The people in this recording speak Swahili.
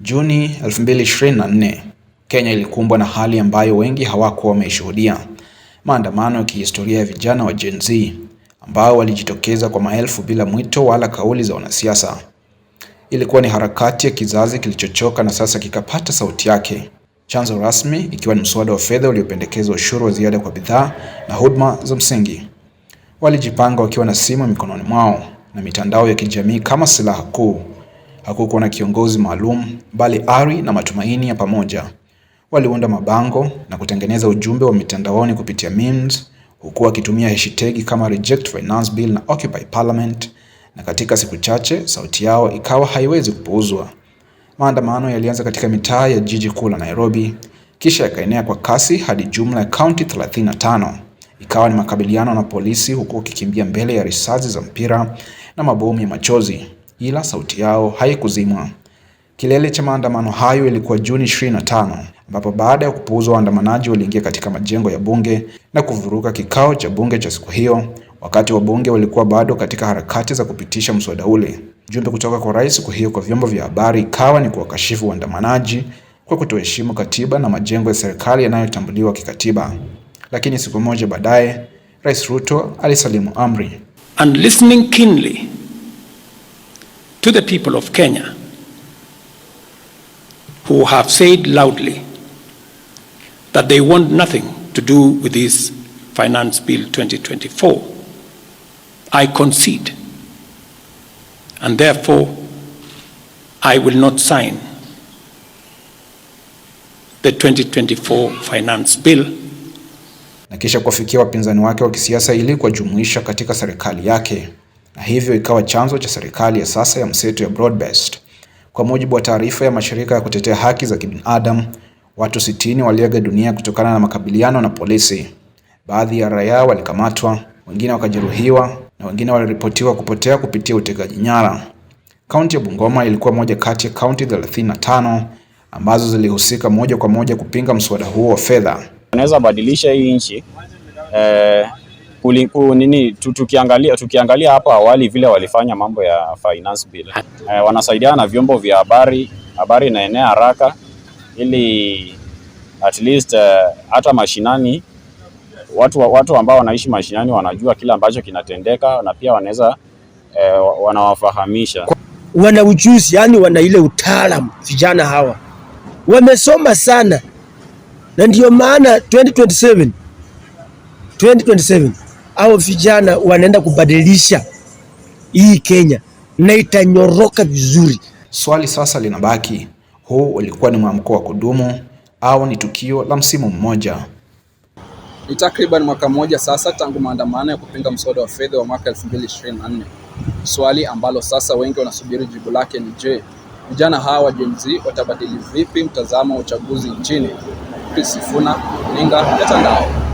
Juni 2024, Kenya ilikumbwa na hali ambayo wengi hawakuwa wameshuhudia maandamano ya kihistoria ya vijana wa Gen Z ambao walijitokeza kwa maelfu bila mwito wala kauli za wanasiasa. Ilikuwa ni harakati ya kizazi kilichochoka na sasa kikapata sauti yake, chanzo rasmi ikiwa ni mswada wa fedha uliopendekeza ushuru wa ziada kwa bidhaa na huduma za msingi. Walijipanga wakiwa na simu mikononi mwao na mitandao ya kijamii kama silaha kuu. Hakukuwa na kiongozi maalum, bali ari na matumaini ya pamoja. Waliunda mabango na kutengeneza ujumbe wa mitandaoni kupitia memes, huku wakitumia hashtag kama Reject Finance Bill na Occupy Parliament, na katika siku chache sauti yao ikawa haiwezi kupuuzwa. Maandamano yalianza katika mitaa ya jiji kuu la Nairobi, kisha yakaenea kwa kasi hadi jumla ya kaunti 35. Ikawa ni makabiliano na polisi, huku wakikimbia mbele ya risasi za mpira na mabomu ya machozi ila sauti yao haikuzimwa. Kilele cha maandamano hayo ilikuwa Juni 25 ambapo baada ya kupuuzwa, waandamanaji waliingia katika majengo ya bunge na kuvuruka kikao cha bunge cha siku hiyo, wakati wa bunge walikuwa bado katika harakati za kupitisha mswada ule. Jumbe kutoka kwa rais siku hiyo kwa vyombo vya habari ikawa ni kuwakashifu waandamanaji kwa kutoheshimu katiba na majengo ya serikali yanayotambuliwa kikatiba. Lakini siku moja baadaye, Rais Ruto alisalimu amri. And listening keenly to the people of Kenya who have said loudly that they want nothing to do with this Finance Bill 2024. I concede, and therefore I will not sign the 2024 Finance Bill na kisha kuwafikia wapinzani wake wa kisiasa ili kuwajumuisha katika serikali yake na hivyo ikawa chanzo cha serikali ya sasa ya mseto ya Broadbest. Kwa mujibu wa taarifa ya mashirika ya kutetea haki za kibinadamu, watu sitini waliaga dunia kutokana na makabiliano na polisi. Baadhi ya raia walikamatwa, wengine wakajeruhiwa na wengine waliripotiwa kupotea kupitia utekaji nyara. Kaunti ya Bungoma ilikuwa moja kati ya kaunti 35 ambazo zilihusika moja kwa moja kupinga mswada huo wa fedha. anaweza badilisha hii nchi eh, Kuliku, nini tukiangalia tukiangalia hapo awali vile walifanya mambo ya finance bill eh, wanasaidiana na vyombo vya habari, habari inaenea haraka ili at least eh, hata mashinani watu, watu ambao wanaishi mashinani wanajua kile ambacho kinatendeka na pia wanaweza eh, wanawafahamisha, wana ujuzi yani, wana ile utaalamu. Vijana hawa wamesoma sana, na ndio maana 2027 2027 au vijana wanaenda kubadilisha hii Kenya na itanyoroka vizuri. Swali sasa linabaki, huu ulikuwa ni mwamko wa kudumu au ni tukio la msimu mmoja? Ni takriban mwaka mmoja sasa tangu maandamano ya kupinga mswada wa fedha wa mwaka 2024. Swali ambalo sasa wengi wanasubiri jibu lake ni je, vijana hawa wa Gen Z watabadili vipi mtazamo wa uchaguzi nchini? Chris Sifuna, Ninga ya Tandao.